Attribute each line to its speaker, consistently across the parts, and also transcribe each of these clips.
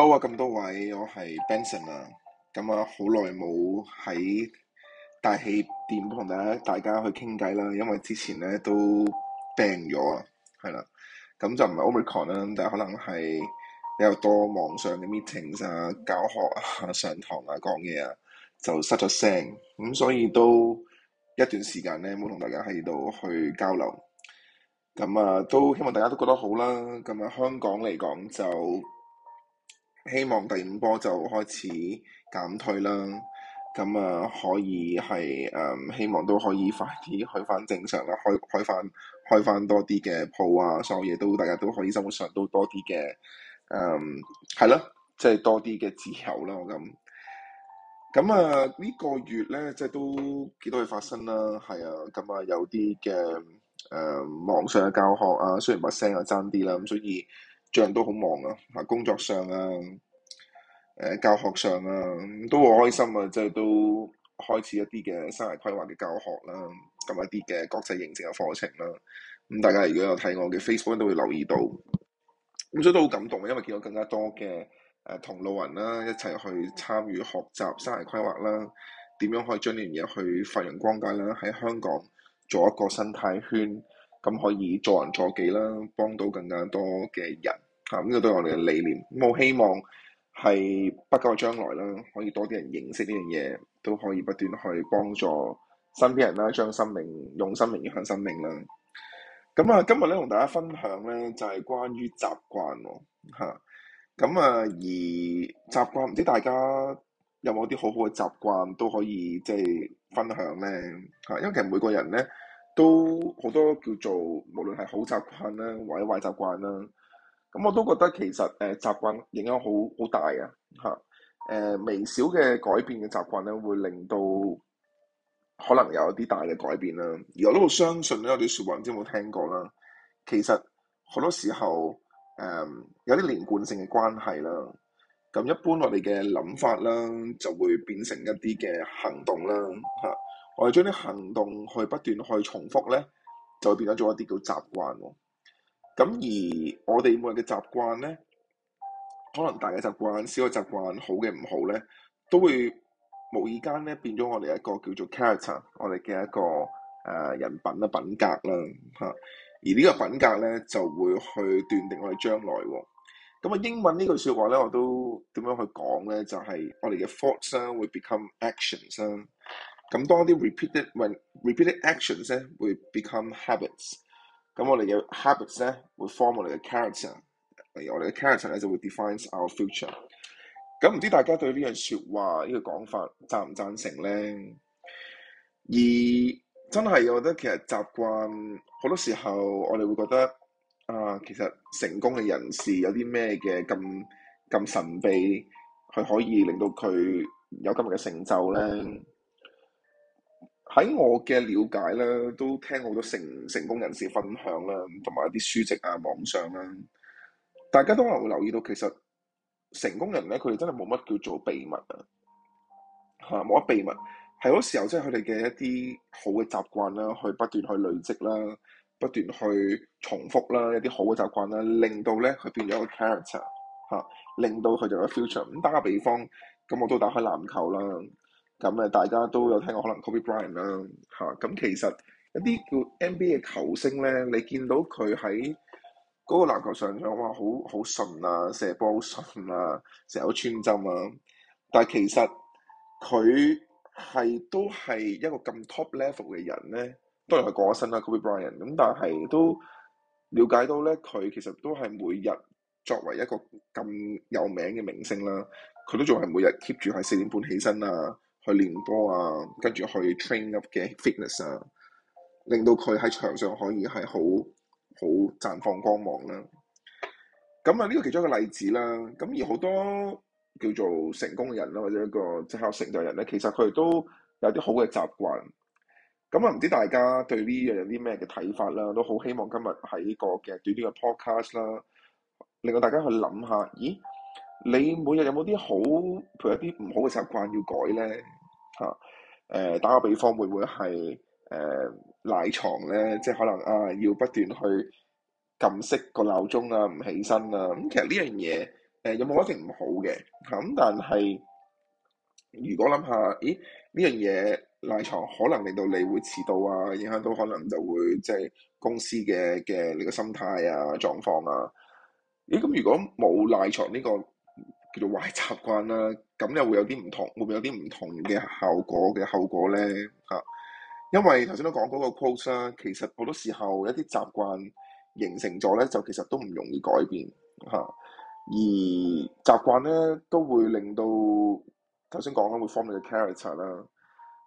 Speaker 1: Hello 啊，咁多位，我係 Benson 啊，咁啊好耐冇喺大氣店同大家大家去傾偈啦，因為之前咧都病咗啊，係啦，咁就唔係 Omicron 啦，但係可能係比較多網上嘅 meetings 啊、教學啊、上堂啊、講嘢啊，就失咗聲，咁所以都一段時間咧冇同大家喺度去交流，咁啊都希望大家都覺得好啦，咁啊香港嚟講就～希望第五波就開始減退啦，咁啊可以係誒、嗯、希望都可以快啲去返正常啦，開開返開返多啲嘅鋪啊，所有嘢都大家都可以生活上都多啲嘅，誒係咯，即係多啲嘅自由啦，我咁。咁啊呢個月咧，即係都幾多嘢發生啦，係啊，咁啊有啲嘅誒網上嘅教學啊，雖然麥聲又爭啲啦，咁所以。做都好忙啊，啊工作上啊，誒、呃、教學上啊，都好開心啊！即、就、係、是、都開始一啲嘅生涯規劃嘅教學啦，咁一啲嘅國際認證嘅課程啦。咁、嗯、大家如果有睇我嘅 Facebook 都會留意到，咁、嗯、所以都好感動、啊，因為見到更加多嘅誒、呃、同路人、啊、啦，一齊去參與學習生涯規劃啦，點樣可以將呢樣嘢去發揚光大啦？喺香港做一個生態圈。咁可以助人助己啦，幫到更加多嘅人嚇，呢個都係我哋嘅理念，咁我希望係不久嘅將來啦，可以多啲人認識呢樣嘢，都可以不斷去幫助身邊人啦，將生命用生命影響生命啦。咁啊，今日咧同大家分享咧，就係、是、關於習慣喎、哦、嚇。咁啊，啊，而習慣唔知大家有冇啲好好嘅習慣都可以即係、就是、分享咧嚇、啊，因為其實每個人咧。都好多叫做無論係好習慣啦，或者壞習慣啦，咁我都覺得其實誒、呃、習慣影響好好大啊，嚇、呃、誒微小嘅改變嘅習慣咧，會令到可能有一啲大嘅改變啦。而我都相信咧有啲説話，唔知有冇聽過啦。其實好多時候誒、呃、有啲連貫性嘅關係啦，咁一般我哋嘅諗法啦，就會變成一啲嘅行動啦，嚇、啊。我哋將啲行動去不斷去重複咧，就會變咗做一啲叫習慣喎。咁而我哋每日嘅習慣咧，可能大嘅習慣、小嘅習慣，好嘅唔好咧，都會無意間咧變咗我哋一個叫做 character，我哋嘅一個誒人品啦、品格啦嚇。而呢個品格咧就會去斷定我哋將來喎。咁啊，英文呢句説話咧，我都點樣去講咧？就係我哋嘅 thoughts 咧會 become actions 咧。咁當啲 repeated when repeated actions 咧會 become habits hab。咁我哋嘅 habits 咧會 form 我哋嘅 character。例如我哋嘅 character 咧就會 defines our future。咁唔知大家對呢樣説話呢、呢個講法贊唔贊成咧？而真係我覺得其實習慣好多時候我哋會覺得啊，其實成功嘅人士有啲咩嘅咁咁神秘，佢可以令到佢有今日嘅成就咧？喺我嘅了解啦，都聽好多成成功人士分享啦，同埋一啲書籍啊、網上啦，大家都可能會留意到，其實成功人咧，佢哋真係冇乜叫做秘密啊，嚇冇乜秘密，係嗰時候即係佢哋嘅一啲好嘅習慣啦，去不斷去累積啦，不斷去重複啦，一啲好嘅習慣啦，令到咧佢變咗個 character 嚇、啊，令到佢就有個 future、嗯。咁打個比方，咁我都打開籃球啦。咁誒，大家都有聽過可能 Kobe Bryant 啦，嚇、啊、咁、啊、其實一啲叫 NBA 嘅球星咧，你見到佢喺嗰個籃球場上哇，好好順啊，射波好順啊，成日都穿針啊，但係其實佢係都係一個咁 top level 嘅人咧，當然係過咗身啦 Kobe Bryant，咁但係都了解到咧，佢其實都係每日作為一個咁有名嘅明星啦，佢都仲係每日 keep 住係四點半起身啊～去練波啊，跟住去 train up 嘅 fitness 啊，令到佢喺場上可以係好好綻放光芒啦。咁啊，呢個其中一個例子啦。咁而好多叫做成功人啦，或者一個即刻成就人咧，其實佢哋都有啲好嘅習慣。咁啊，唔知大家對呢樣有啲咩嘅睇法啦？都好希望今日喺個嘅短短嘅 podcast 啦，令到大家去諗下，咦？你每日有冇啲好，譬如一啲唔好嘅習慣要改咧嚇？誒、呃，打個比方，會唔會係誒賴牀咧？即係可能啊，要不斷去撳熄個鬧鐘啊，唔起身啊。咁、嗯、其實呢樣嘢誒有冇一定唔好嘅？咁、嗯、但係如果諗下，咦呢樣嘢賴床可能令到你會遲到啊，影響到可能就會即係、就係、公司嘅嘅你個心態啊、狀況啊。咦咁如果冇賴床呢、呢個？叫做壞習慣啦，咁又會有啲唔同，會唔會有啲唔同嘅效果嘅後果咧嚇。因為頭先都講嗰個 quote 啦，其實好多時候一啲習慣形成咗咧，就其實都唔容易改變嚇、啊。而習慣咧都會令到頭先講啦，說說會 form 你嘅 character 啦。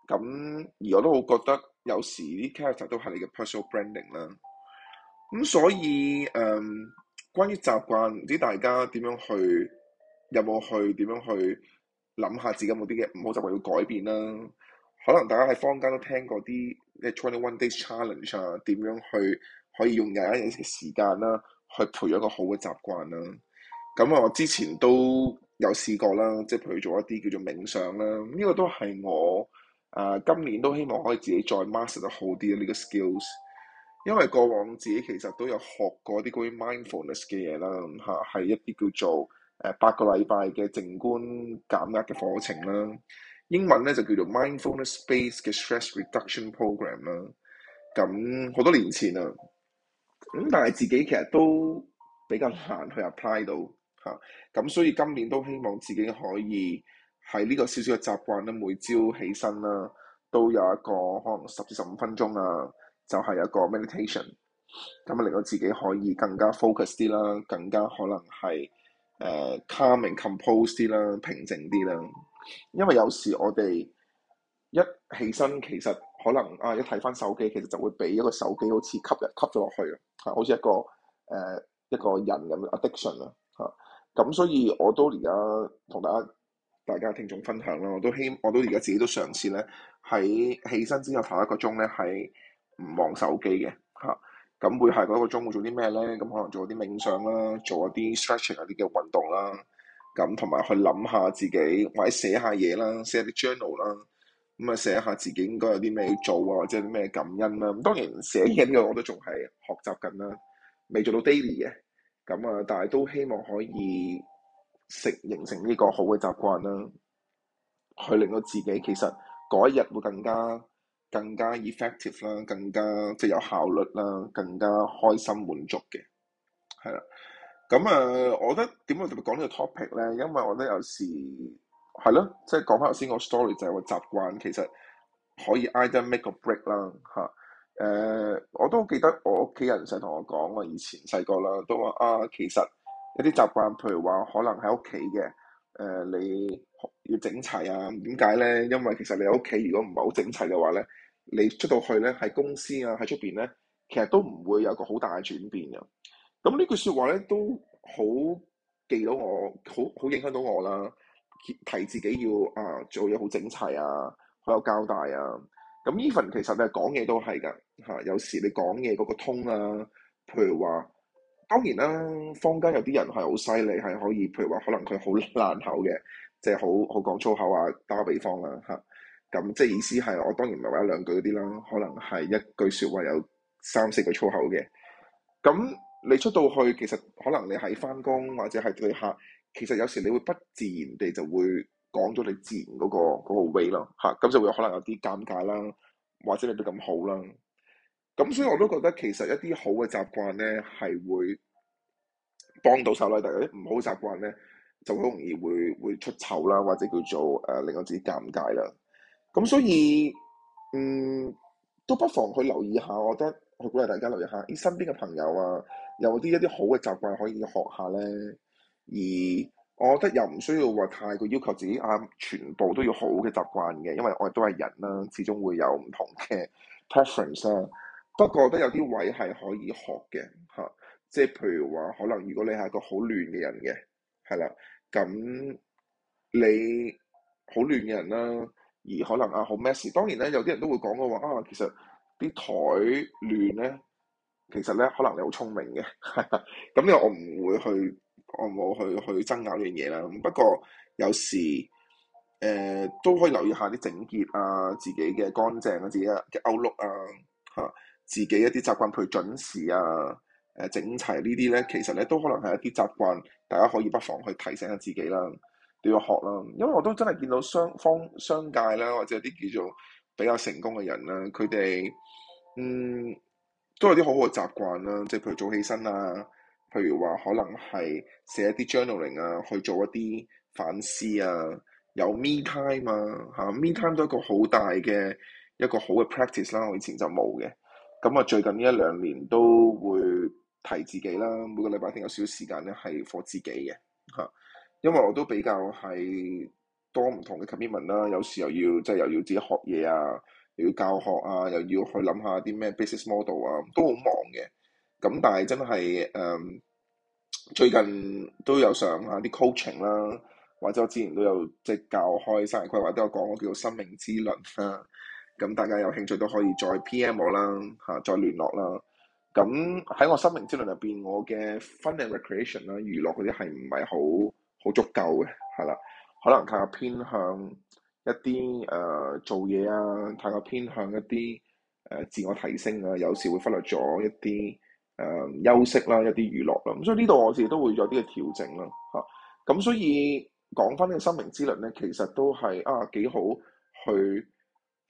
Speaker 1: 咁而我都好覺得有時啲 character 都係你嘅 personal branding 啦。咁所以誒、嗯，關於習慣，唔知大家點樣去？有冇去點樣去諗下自己冇啲嘅唔好習慣要改變啦？可能大家喺坊間都聽過啲，Twenty One Days Challenge 啊，點樣去可以用廿一日嘅時間啦，去培養一個好嘅習慣啦。咁、嗯、我之前都有試過啦，即係譬如做一啲叫做冥想啦，呢、這個都係我啊、呃、今年都希望可以自己再 master 得好啲呢、這個 skills，因為過往自己其實都有學過啲關於 mindfulness 嘅嘢啦，吓、啊，係一啲叫做。八個禮拜嘅靜觀減壓嘅課程啦，英文咧就叫做 Mindfulness Based 嘅 Stress Reduction Program 啦。咁、嗯、好多年前啊，嗯、但係自己其實都比較難去 apply 到嚇，咁、啊嗯、所以今年都希望自己可以喺呢個少少嘅習慣咧，每朝起身啦、啊，都有一個可能十至十五分鐘啊，就係、有、一個 meditation、嗯。咁令到自己可以更加 focus 啲啦，更加可能係～誒、uh, calm and composed 啲啦，平靜啲啦。因為有時我哋一起身，其實可能啊，一睇翻手機，其實就會俾一個手機好似吸人吸咗落去啊，係好似一個誒、呃、一個人咁 addiction 啊。嚇咁，所以我都而家同大家大家聽眾分享啦。我都希，我都而家自己都嘗試咧，喺起身之後頭一個鐘咧，係唔望手機嘅。咁每下嗰一個鐘會做啲咩咧？咁可能做啲冥想啦，做一啲 stretching 嗰啲嘅運動啦。咁同埋去諗下自己，或者寫下嘢啦，寫下啲 journal 啦。咁啊，寫下自己應該有啲咩要做啊，或者咩感恩啦。咁當然寫緊嘅我都仲係學習緊啦，未做到 daily 嘅。咁啊，但係都希望可以成形成呢個好嘅習慣啦，去令到自己其實嗰一日會更加。更加 effective 啦，更加即係有效率啦，更加開心滿足嘅，係啦。咁、嗯、啊、呃，我覺得點解特別講呢個 topic 咧？因為我覺得有時係咯，即係講翻頭先個 story 就係個習慣，其實可以 either make a break 啦，嚇。誒，我都記得我屋企人成日同我講，我以前細個啦，都話啊，其實一啲習慣，譬如話可能喺屋企嘅誒，你要整齊啊？點解咧？因為其實你喺屋企如果唔係好整齊嘅話咧。你出到去咧，喺公司啊，喺出邊咧，其實都唔會有一個好大嘅轉變啊。咁呢句説話咧，都好記到我，好好影響到我啦。提自己要啊，做嘢好整齊啊，好有交代啊。咁 even 其實誒講嘢都係㗎，嚇、啊、有時你講嘢嗰個通啊，譬如話當然啦，坊間有啲人係好犀利，係可以譬如話，可能佢好爛口嘅，即係好好講粗口啊。打個比方啦、啊，嚇、啊。咁即係意思係，我當然唔係話一兩句嗰啲啦，可能係一句説話有三四個粗口嘅。咁你出到去，其實可能你喺翻工或者係對客，其實有時你會不自然地就會講咗你自然嗰、那個嗰、那個 a t 咯，嚇，咁就會可能有啲尷尬啦，或者你都咁好啦。咁所以我都覺得其實一啲好嘅習慣呢係會幫到手啦，但係啲唔好習慣呢就好容易會會出醜啦，或者叫做誒、呃、令我自己尷尬啦。咁所以，嗯，都不妨去留意下，我覺得去鼓勵大家留意下，啲身邊嘅朋友啊，有啲一啲好嘅習慣可以學下咧。而我覺得又唔需要話太過要求自己啊，全部都要好嘅習慣嘅，因為我哋都係人啦、啊，始終會有唔同嘅 preference 啦。不過，覺得有啲位係可以學嘅吓、啊，即係譬如話，可能如果你係一個好亂嘅人嘅，係啦，咁你好亂嘅人啦、啊。而可能啊好 messy，當然咧有啲人都會講嘅話啊，其實啲枱亂咧，其實咧可能你好聰明嘅，咁 又我唔會去，我冇去去爭拗呢樣嘢啦。不過有時誒、呃、都可以留意下啲整潔啊，自己嘅乾淨啊，自己嘅 outlook 啊，嚇、啊，自己一啲習慣，譬如準時啊，誒整齊呢啲咧，其實咧都可能係一啲習慣，大家可以不妨去提醒下自己啦。都要學啦，因為我都真係見到雙方商界啦，或者啲叫做比較成功嘅人啦，佢哋嗯都有啲好好嘅習慣啦，即係譬如早起身啊，譬如話可能係寫一啲 journaling 啊，去做一啲反思啊，有 me time 啊嚇、啊、，me time 都係一個,一個好大嘅一個好嘅 practice 啦。我以前就冇嘅，咁啊最近呢一兩年都會提自己啦，每個禮拜天有少少時間咧係 for 自己嘅嚇。啊因為我都比較係多唔同嘅 commitment 啦，有時又要即係、就是、又要自己學嘢啊，又要教學啊，又要去諗下啲咩 business model 啊，都好忙嘅。咁但係真係誒、嗯，最近都有上下啲 coaching 啦，或者我之前都有即係、就是、教開生日規劃，都有講我叫做生命之輪啦。咁 大家有興趣都可以再 PM 我啦，嚇再聯絡啦。咁喺我生命之輪入邊，我嘅 fun and recreation 啦、娛樂嗰啲係唔係好？好足夠嘅，係啦，可能太過偏向一啲誒、呃、做嘢啊，太過偏向一啲誒、呃、自我提升啊，有時會忽略咗一啲誒、呃、休息啦，一啲娛樂啦，咁所以呢度我自己都會有啲嘅調整啦，嚇、啊，咁所以講翻呢個生命之輪咧，其實都係啊幾好去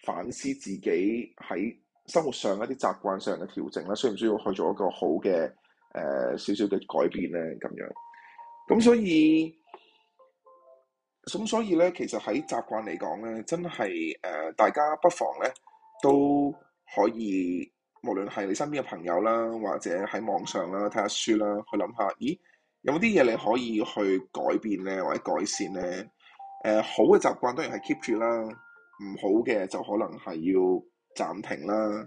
Speaker 1: 反思自己喺生活上一啲習慣上嘅調整啦，需唔需要去做一個好嘅誒、呃、少少嘅改變咧咁樣，咁所以。咁所以咧，其實喺習慣嚟講咧，真係誒、呃，大家不妨咧都可以，無論係你身邊嘅朋友啦，或者喺網上啦，睇下書啦，去諗下，咦有冇啲嘢你可以去改變咧，或者改善咧？誒、呃，好嘅習慣當然係 keep 住啦，唔好嘅就可能係要暫停啦。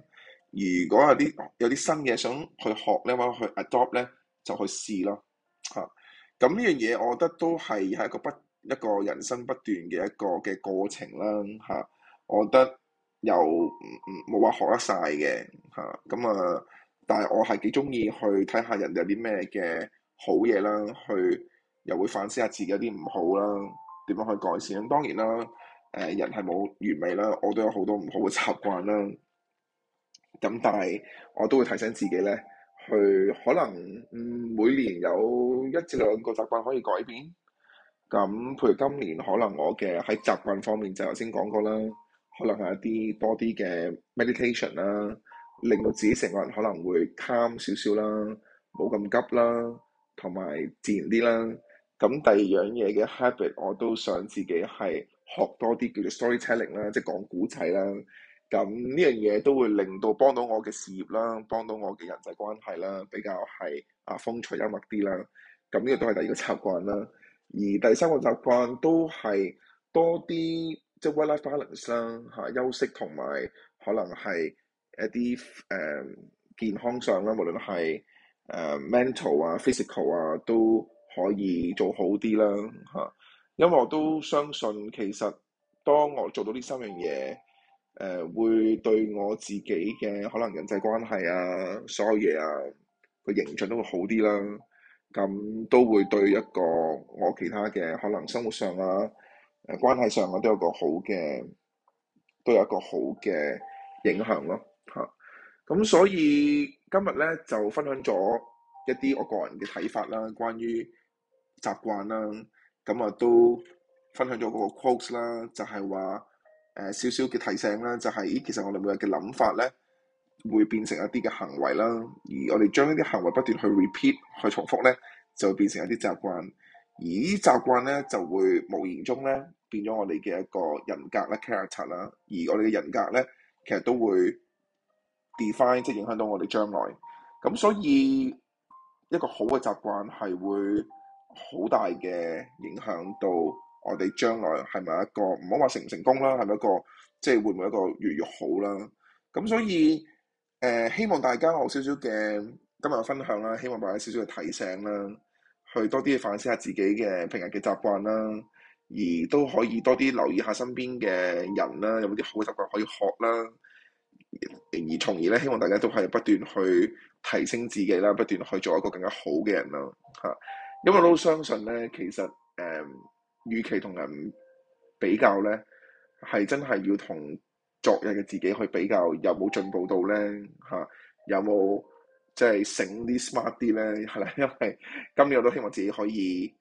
Speaker 1: 如果有啲有啲新嘢想去學咧，或者去 adopt 咧，就去試咯嚇。咁、啊、呢樣嘢，我覺得都係喺一個不。一個人生不斷嘅一個嘅過程啦，嚇、啊！我覺得又冇話學得晒嘅嚇，咁啊，但係我係幾中意去睇下人有啲咩嘅好嘢啦，去又會反思下自己有啲唔好啦，點樣去改善。當然啦，誒、啊、人係冇完美啦，我都有好多唔好嘅習慣啦。咁、啊、但係我都會提醒自己呢，去可能每年有一至兩個習慣可以改變。咁譬如今年可能我嘅喺習慣方面就頭先講過啦，可能係一啲多啲嘅 meditation 啦，令到自己成個人可能會 calm 少少啦，冇咁急啦，同埋自然啲啦。咁第二樣嘢嘅 habit 我都想自己係學多啲叫做 storytelling 啦，elling，即係講古仔啦。咁呢樣嘢都會令到幫到我嘅事業啦，幫到我嘅人際關係啦，比較係啊風趣幽默啲啦。咁呢個都係第二個習慣啦。而第三個習慣都係多啲即係 work-life balance 啦，嚇休息同埋可能係一啲誒健康上啦，無論係誒 mental 啊、physical 啊都可以做好啲啦，嚇！因為我都相信其實當我做到呢三樣嘢，誒會對我自己嘅可能人際關係啊、所有嘢啊個形象都會好啲啦。咁都會對一個我其他嘅可能生活上啊，誒關係上啊都有個好嘅，都有一個好嘅影響咯，嚇、啊。咁所以今日咧就分享咗一啲我個人嘅睇法啦，關於習慣啦。咁、嗯、啊都分享咗個 quotes 啦，就係話誒少少嘅提醒啦，就係、是、咦其實我哋每日嘅諗法咧，會變成一啲嘅行為啦，而我哋將呢啲行為不斷去 repeat 去重複呢，就會變成一啲習慣。而呢啲習慣呢，就會無形中呢變咗我哋嘅一個人格啦、character 啦。而我哋嘅人格呢，其實都會 define 即係影響到我哋將來。咁所以一個好嘅習慣係會好大嘅影響到我哋將來係咪一個唔好話成唔成功啦，係咪一個即係、就是、會唔會一個越嚟越好啦？咁所以。呃，希望大家有少少嘅今日分享啦，希望大家少少嘅提醒啦，去多啲反思下自己嘅平日嘅習慣啦，而都可以多啲留意下身邊嘅人啦，有冇啲好嘅習慣可以學啦，而從而咧，希望大家都係不斷去提升自己啦，不斷去做一個更加好嘅人啦，吓，因為我都相信呢，其實誒，與其同人比較呢，係真係要同。昨日嘅自己去比較，有冇進步到咧嚇，有冇即係醒啲 smart 啲咧？係啦，因為今年我都希望自己可以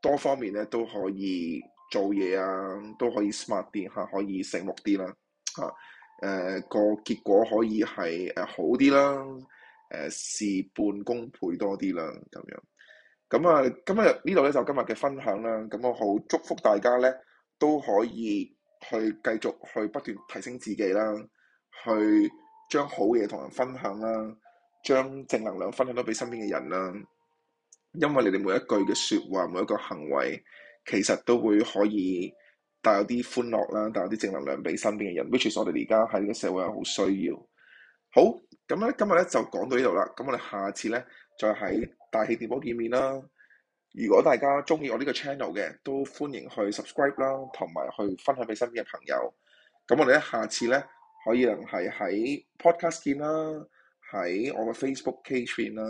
Speaker 1: 多方面咧都可以做嘢啊，都可以 smart 啲嚇、啊，可以醒目啲啦嚇，誒、啊呃、個結果可以係誒好啲啦，誒、啊、事半功倍多啲啦咁樣。咁啊，今日呢度咧就今日嘅分享啦。咁我好祝福大家咧都可以。去繼續去不斷提升自己啦，去將好嘢同人分享啦，將正能量分享到俾身邊嘅人啦。因為你哋每一句嘅説話，每一個行為，其實都會可以帶有啲歡樂啦，帶有啲正能量俾身邊嘅人，which is 我哋而家喺個社會係好需要。好，咁咧今日咧就講到呢度啦。咁我哋下次咧再喺大氣電波見面啦。如果大家中意我呢個 channel 嘅，都歡迎去 subscribe 啦，同埋去分享俾身邊嘅朋友。咁我哋呢下次咧，可以係喺 podcast 見啦，喺我嘅 Facebook page 見啦。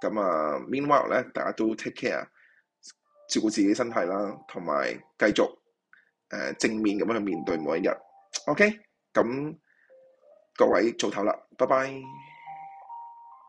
Speaker 1: 咁啊，meanwhile 咧，大家都 take care，照顧自己身體啦，同埋繼續誒正面咁樣去面對每一日。OK，咁各位做唞啦，拜拜。